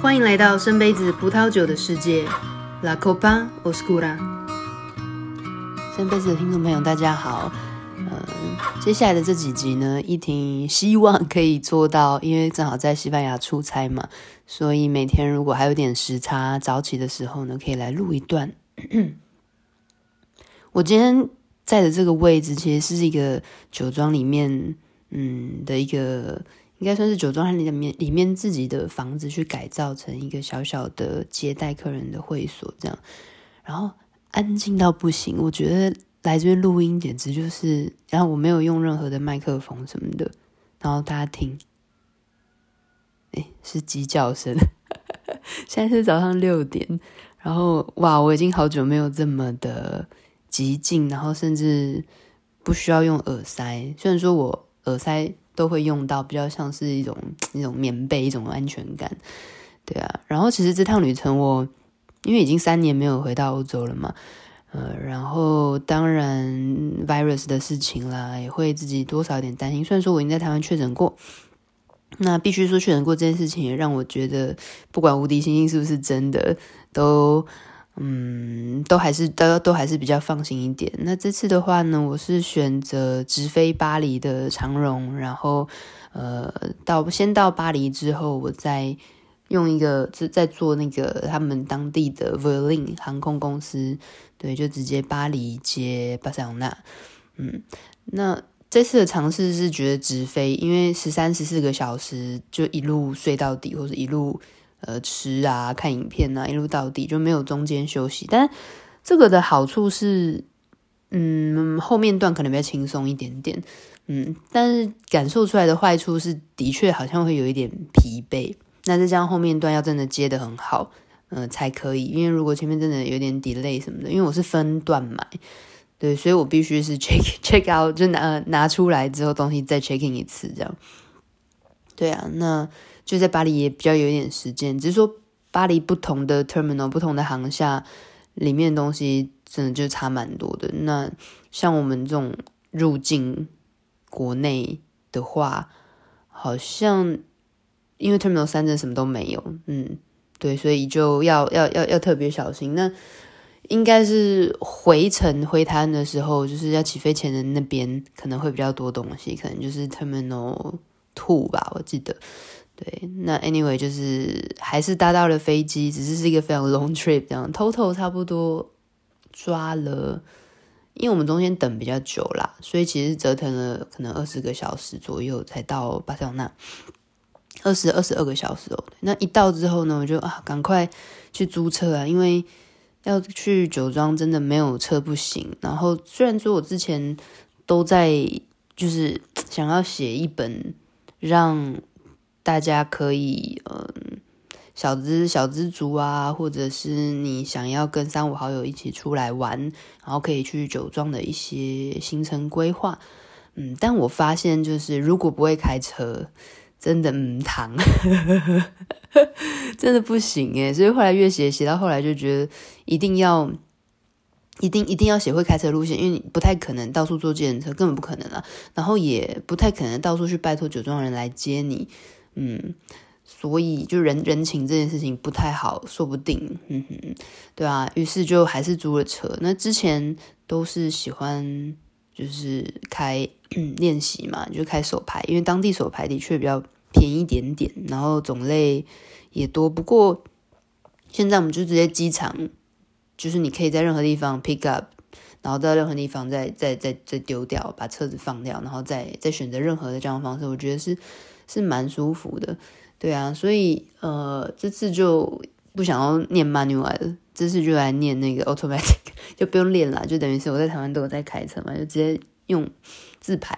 歡迎來到深杯子葡萄酒的世界，La Copa Oscura。深杯子的聽眾朋友，大家好。嗯，接下來的這幾集呢，一婷希望可以做到，因為正好在西班牙出差嘛，所以每天如果還有點時差，早起的時候呢，可以來錄一段。 我今天在的這個位置，其實是一個酒莊裡面，嗯的一個。應該算是酒莊它裡面、裡面自己的房子，去改造成一個小小的接待客人的會所這樣，然後安靜到不行，我覺得來這邊錄音簡直就是，然後我沒有用任何的麥克風什麼的，然後大家聽，哎、欸，是雞叫聲， 現在是早上六點，然後哇，我已經好久沒有這麼的極靜，然後甚至不需要用耳塞，雖然說我耳塞，都會用到，比較像是一種那種棉被，一種安全感，對啊。然後其實這趟旅程我，我因為已經三年沒有回到歐洲了嘛，呃，然後當然 virus 的事情啦，也會自己多少有點擔心。雖然說我已經在台灣確診過，那必須說確診過這件事情也讓我覺得，不管無敵星星是不是真的，都。嗯，都還是，都都還是比較放心一點。那這次的話呢，我是選擇直飛巴黎的長榮，然後呃，到先到巴黎之後，我再用一個就在做那個他們當地的 Vueling 航空公司，對，就直接巴黎接巴塞羅那。嗯，那這次的嘗試是覺得直飛，因為十三、十四個小時就一路睡到底，或者一路。呃，吃啊，看影片啊，一路到底就沒有中間休息。但這個的好處是，嗯，後面段可能比較輕鬆一點點，嗯，但是感受出來的壞處是，的確好像會有一點疲憊。那這樣後面段要真的接得很好，嗯，才可以。因為如果前面真的有點 delay 什麼的，因為我是分段買，對，所以我必須是 check check out 就拿拿出來之後東西再 check in 一次，這樣。對啊，那。就在巴黎也比較有一點時間，只是說巴黎不同的 terminal、不同的航廈裡面的東西，真的就差蠻多的。那像我們這種入境國內的話，好像因為 terminal 三站什麼都沒有，嗯，對，所以就要要要要特別小心。那應該是回程回台的時候，就是要起飛前的那邊可能會比較多東西，可能就是 terminal two 吧，我記得。對，那 anyway 就是還是搭到了飛機，只是是一個非常 long trip 這樣，total 偷偷差不多抓了，因為我們中間等比較久啦，所以其實折騰了可能二十個小時左右才到巴塞羅那，二十二十二個小時哦。那一到之後呢，我就啊趕快去租車啊，因為要去酒莊真的沒有車不行。然後雖然說我之前都在就是想要寫一本讓。大家可以嗯，小資小資族啊，或者是你想要跟三五好友一起出來玩，然後可以去酒莊的一些行程規劃，嗯，但我發現就是如果不會開車，真的嗯糖， 真的不行誒。所以後來越寫寫到後來就覺得一定要一定一定要寫會開車路線，因為你不太可能到處坐計程車，根本不可能了，啊，然後也不太可能到處去拜托酒莊人來接你。嗯，所以就人人情這件事情不太好，說不定，嗯哼，對啊。於是就還是租了車。那之前都是喜歡就是開呵呵練習嘛，就是，開手排，因為當地手排的確比較便宜一點點，然後種類也多。不過現在我們就直接機場，就是你可以在任何地方 pick up，然後到任何地方再再再再丟掉，把車子放掉，然後再再選擇任何的交通方式。我覺得是。是蠻舒服的，對啊，所以呃這次就不想要念 manual 了，這次就來念那個 automatic，就不用練了，就等於是我在台灣都有在開車嘛，就直接用自排，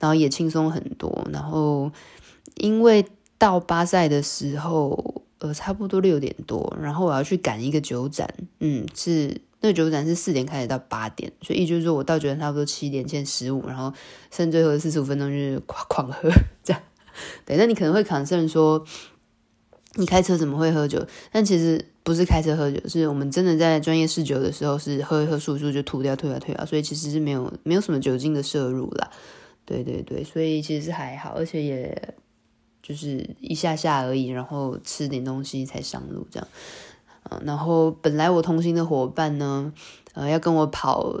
然後也輕鬆很多。然後因為到巴塞的時候，呃差不多六點多，然後我要去趕一個酒展，嗯，是那酒展是四點開始到八點，所以意思就是說我到酒展差不多七點前十五，然後剩最後的四十五分鐘就是狂狂喝這樣。對，那你可能會 concern 說，你開車怎麼會喝酒？但其實不是開車喝酒，是我們真的在專業試酒的時候是喝一喝，速速就吐掉、吐掉、吐掉，所以其實是沒有沒有什麼酒精的攝入啦。對對對，所以其實是還好，而且也就是一下下而已，然後吃點東西才上路這樣。然後本來我同行的夥伴呢，呃，要跟我跑，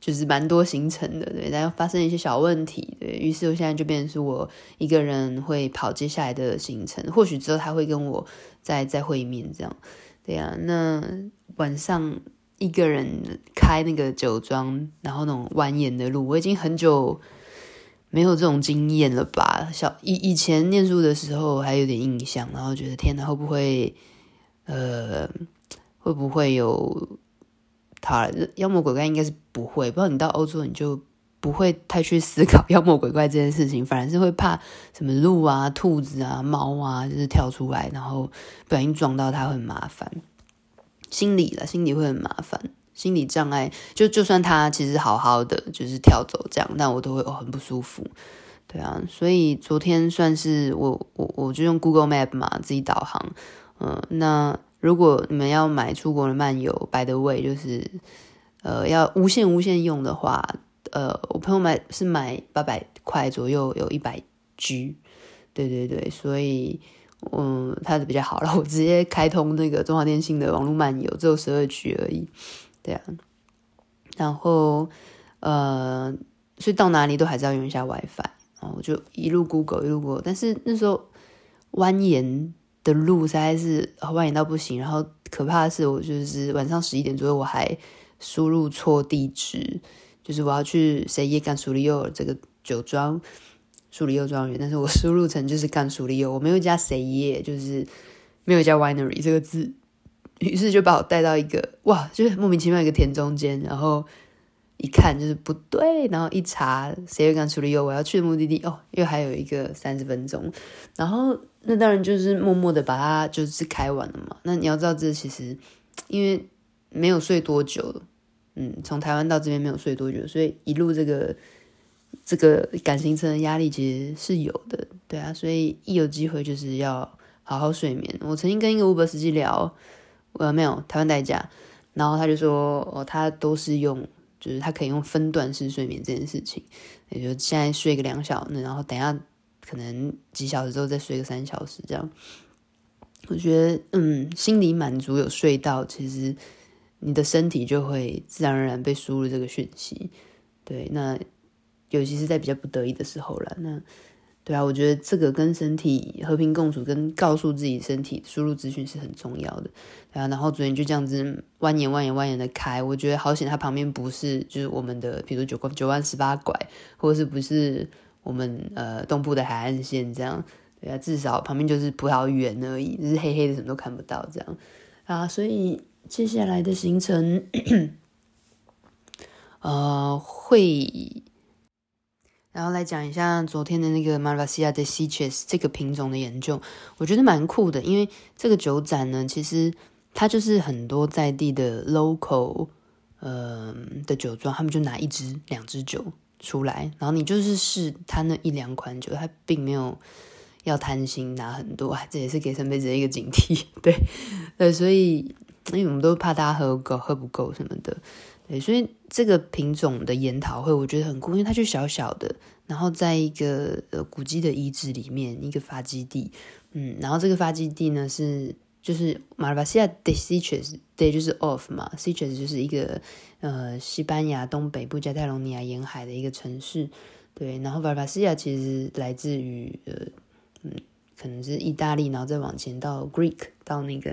就是蠻多行程的，對。然後發生一些小問題，對，於是我現在就變成是我一個人會跑接下來的行程。或許之後他會跟我再再會一面，這樣，對呀，啊。那晚上一個人開那個酒莊，然後那種蜿蜒的路，我已經很久沒有這種經驗了吧？小以以前念書的時候還有點印象，然後覺得天哪，會不會？呃，會不會有它妖魔鬼怪？應該是不會。不知道你到歐洲，你就不會太去思考妖魔鬼怪這件事情，反而是會怕什麼鹿啊、兔子啊、貓啊，就是跳出來，然後不小心撞到它會很麻煩。心理啦，心理會很麻煩，心理障礙。就就算它其實好好的，就是跳走這樣，但我都會很不舒服。對啊，所以昨天算是我我我就用 Google Map 嘛，自己導航。嗯，那如果你們要買出國的漫遊，by the way，就是，呃，要無限無限用的話，呃，我朋友買是買八百塊左右，有一百 G，對對對，所以嗯，他的比較好了，我直接開通那個中華電信的網絡漫遊，只有十二 G 而已，對啊，然後呃，所以到哪裡都還是要用一下 WiFi，然後我就一路 Google 一路 Google，但是那時候蜿蜒。的路實在是蜿蜒到不行，然後可怕的是，我就是晚上十一點左右，我還輸入錯地址，就是我要去誰也干樹里歐這個酒莊，樹里歐莊園，但是我輸入成就是干樹里歐，我沒有加誰也，就是沒有加 winery 這個字，於是就把我帶到一個哇，就是莫名其妙一個田中間，然後。一看就是不對，然後一查誰又剛處了油，我要去的目的地哦，又還有一個三十分鐘，然後那當然就是默默的把它就是開完了嘛。那你要知道，這其實因為沒有睡多久，嗯，從台灣到這邊沒有睡多久，所以一路這個這個感情層壓力其實是有的。對啊，所以一有機會就是要好好睡眠。我曾經跟一個 Uber 司機聊，我沒有台灣代駕，然後他就說，哦，他都是用。就是他可以用分段式睡眠這件事情，也就是現在睡個兩小時，那然後等一下可能幾小時之後再睡個三小時這樣。我覺得，嗯，心理滿足有睡到，其實你的身體就會自然而然被輸入這個訊息。對，那尤其是在比較不得已的時候了，那。對啊，我覺得這個跟身體和平共處，跟告訴自己身體輸入資訊是很重要的。啊，然後昨天就這樣子蜿蜒蜿蜒蜿蜒的開，我覺得好險，它旁邊不是就是我們的，比如九九彎十八拐，或者是不是我們呃東部的海岸線這樣？對啊，至少旁邊就是葡萄園而已，就是黑黑的，什麼都看不到這樣。啊，所以接下來的行程， 呃，會。然後來講一下昨天的那個 Malvasia de Sitges 這個品種的研究，我覺得蠻酷的，因為這個酒展呢，其實它就是很多在地的 local 嗯、呃、的酒莊，他們就拿一支、兩支酒出來，然後你就是試他那一兩款酒，他並沒有要貪心拿很多，這也是給身邊這一個警惕，對呃所以因為我們都怕大家喝夠、喝不夠什麼的。對，所以這個品種的研討會我覺得很酷，因為它就小小的，然後在一個呃古蹟的遺址裡面一個發基地，嗯，然後這個發基地呢是就是馬拉巴西亞的，Setges，de 就是 of 嘛 Setges 就是一個呃西班牙東北部加泰隆尼亞沿海的一個城市，對，然後馬拉巴西亞其實來自於呃嗯可能是意大利，然後再往前到 Greek 到那個。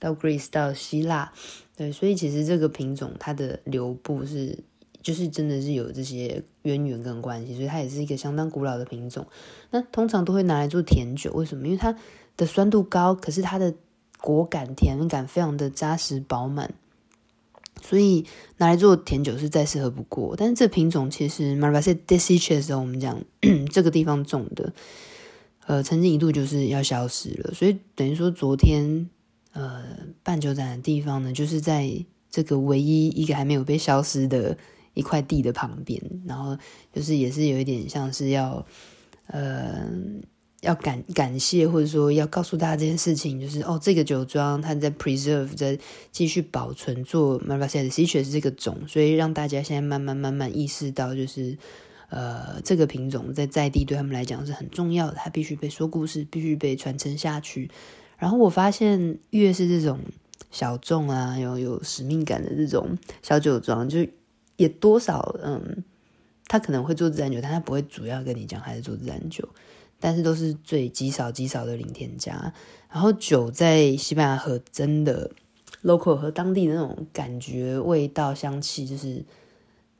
到 Greece 到希臘，對，所以其實這個品種它的流布是，就是真的是有這些淵源，源跟關係，所以它也是一個相當古老的品種。那通常都會拿來做甜酒，為什麼？因為它的酸度高，可是它的果感甜感非常的扎實飽滿，所以拿來做甜酒是再適合不過。但是這品種其實 m a r v a s i a di s i c h e i 時候，我們講這個地方種的，呃，曾經一度就是要消失了，所以等於說昨天。呃，辦酒展的地方呢，就是在這個唯一一個還沒有被消失的一塊地的旁邊，然後就是也是有一點像是要，呃，要感感謝或者說要告訴大家這件事情，就是哦，這個酒莊它在 preserve 在繼續保存做 Malvasia 的 Sitges 這個種，所以讓大家現在慢慢慢慢意識到，就是呃，這個品種在在地對他們來講是很重要的，它必須被說故事，必須被傳承下去。然後我發現，越是這種小眾啊，有有使命感的這種小酒莊，就也多少，嗯，他可能會做自然酒，但他不會主要跟你講還是做自然酒，但是都是最極少極少的零添加。然後酒在西班牙和真的 local 和當地的那種感覺、味道、香氣，就是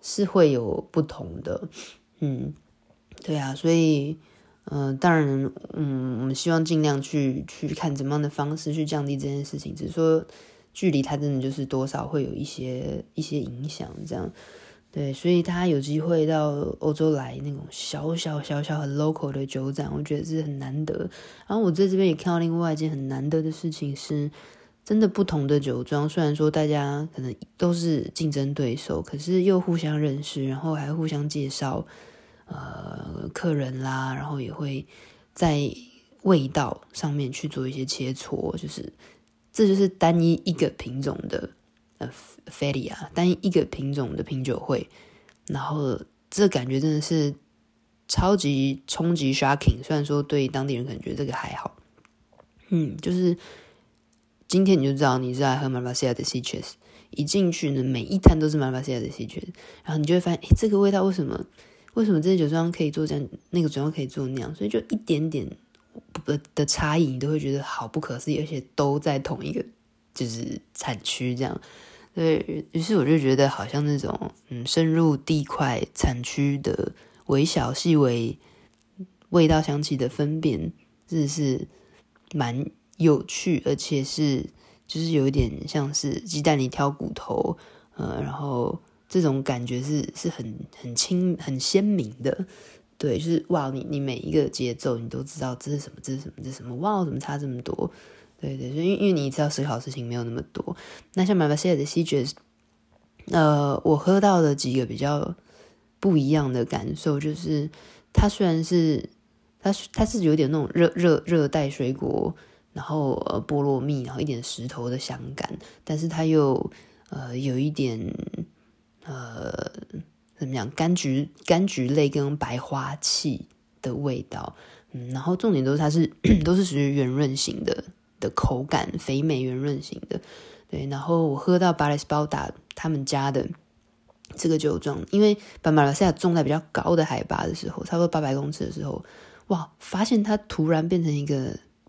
是會有不同的，嗯，對啊，所以。嗯、呃，當然，嗯，我們希望盡量去去看怎麼樣的方式去降低這件事情。只是說，距離它真的就是多少會有一些一些影響，這樣。對，所以他有機會到歐洲來那種小小小小小很 local 的酒展，我覺得是很難得。然後我在這邊也看到另外一件很難得的事情是，真的不同的酒莊，雖然說大家可能都是競爭對手，可是又互相認識，然後還互相介紹。呃，客人啦，然後也會在味道上面去做一些切磋，就是這就是單一一個品種的呃，feria 啊，feria, 單一一個品種的品酒會，然後這感覺真的是超級衝擊 shocking。雖然說對當地人可能覺得這個還好，嗯，就是今天你就知道你是在喝 Malvasia 的 Sitges，一進去呢，每一攤都是 Malvasia 的 Sitges，然後你就會發現，誒，這個味道為什麼？為什麼這些酒莊可以做這樣，那個酒莊可以做那樣？所以就一點點的差異，你都會覺得好不可思議，而且都在同一個就是產區這樣。對，於是我就覺得好像那種嗯，深入地塊產區的微小細微味道香氣的分辨，真的是蠻有趣，而且是就是有一點像是雞蛋裡挑骨頭，呃，然後。這種感覺是是很很清很鮮明的，對，就是哇，你你每一個節奏你都知道這是什麼，這是什麼，這是什麼，哇，怎麼差這麼多？對對，所以因為你知道，思考事情沒有那麼多。那像 Malvasia 的 Sitges，azz, 呃，我喝到的幾個比較不一樣的感受就是，它雖然是它它是有點那種熱熱熱帶水果，然後、呃、菠蘿蜜，然後一點石頭的香感，但是它又呃有一點。呃，怎麼講？柑橘、柑橘類跟白花氣的味道，嗯，然後重點都是它是 都是屬於圓潤型的的口感，肥美圓潤型的。對，然後我喝到巴雷斯包達他們家的這個酒莊，因為把馬來西亞種在比較高的海拔的時候，差不多八百公尺的時候，哇，發現它突然變成一個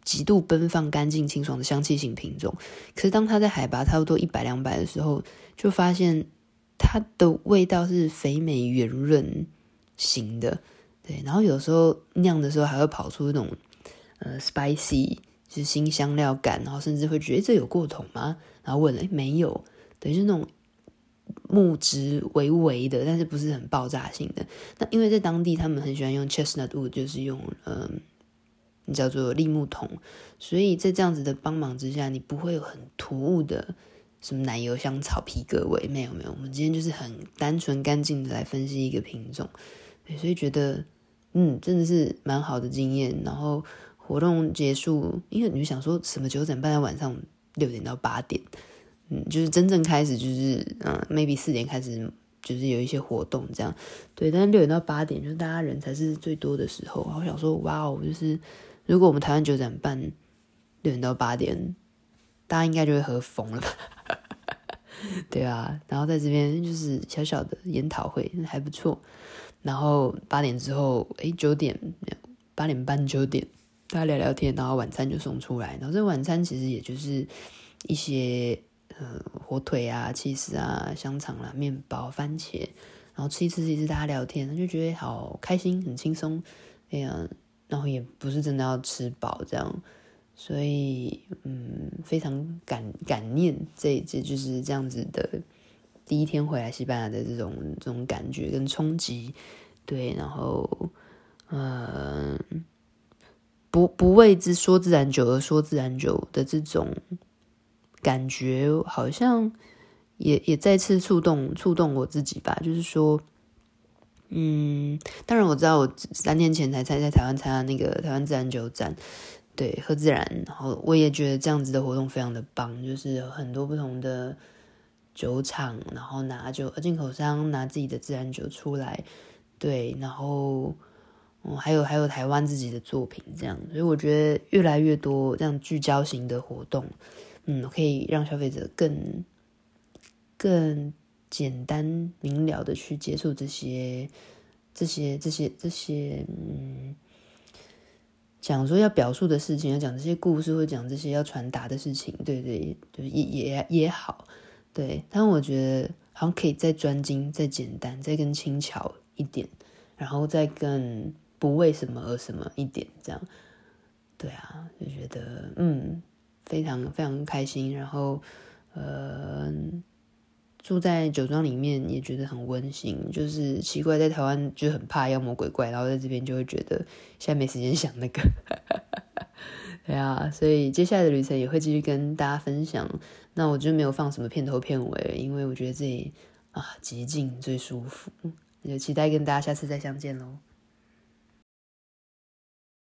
極度奔放、乾淨、清爽的香氣型品種。可是當它在海拔差不多一百兩百的時候，就發現。它的味道是肥美圓潤型的，對，然後有時候釀的時候還會跑出那種呃 spicy，就是辛香料感，然後甚至會覺得、欸、這有過桶嗎？然後問了，欸、沒有，對，是那種木質微微的，但是不是很爆炸性的。那因為在當地他們很喜歡用 chestnut wood，就是用嗯、呃、你叫做栗木桶，所以在這樣子的幫忙之下，你不會有很突兀的。什麼奶油香草皮革味？沒有沒有，我們今天就是很單純乾淨的來分析一個品種，所以覺得嗯，真的是蠻好的經驗。然後活動結束，因為你就想說什麼酒展辦在晚上六點到八點，嗯，就是真正開始就是嗯，maybe 四點開始就是有一些活動這樣，對，但是六點到八點就是大家人才是最多的時候。我想說哇，哦，就是如果我們台灣酒展辦六點到八點，大家應該就會喝瘋了吧？對啊，然後在這邊就是小小的研討會還不錯，然後八點之後，誒，九點，八點半九點，大家聊聊天，然後晚餐就送出來，然後這晚餐其實也就是一些嗯、呃，火腿啊、起司啊、香腸啦、啊、麵包、番茄，然後吃一吃吃一吃，大家聊天，他就覺得好開心、很輕鬆，哎呀、啊，然後也不是真的要吃飽這樣。所以，嗯，非常感感念這這就是這樣子的，第一天回來西班牙的這種這種感覺跟衝擊，對，然後，嗯，不不為之說自然酒而說自然酒的這種感覺，好像也也再次觸動觸動我自己吧。就是說，嗯，當然我知道我三天前才參加台灣參加那個台灣自然酒展。對，喝自然，然後我也覺得這樣子的活動非常的棒，就是很多不同的酒廠，然後拿酒，呃，進口商拿自己的自然酒出來，對，然後，哦、嗯，還有還有台灣自己的作品，這樣，所以我覺得越來越多這樣聚焦型的活動，嗯，可以讓消費者更更簡單明了的去接觸這些這些這些這些，嗯。講說要表述的事情，要講這些故事，或講這些要傳達的事情，對對，就也也也好，對。但我覺得好像可以再專精、再簡單、再更輕巧一點，然後再更不為什麼而什麼一點，這樣。對啊，就覺得嗯，非常非常開心。然後，嗯、呃。住在酒莊裡面也覺得很溫馨，就是奇怪，在台灣就很怕妖魔鬼怪，然後在這邊就會覺得現在沒時間想那個， 對啊，所以接下來的旅程也會繼續跟大家分享。那我就沒有放什麼片頭片尾，因為我覺得這裡啊極靜最舒服，也期待跟大家下次再相見嘍。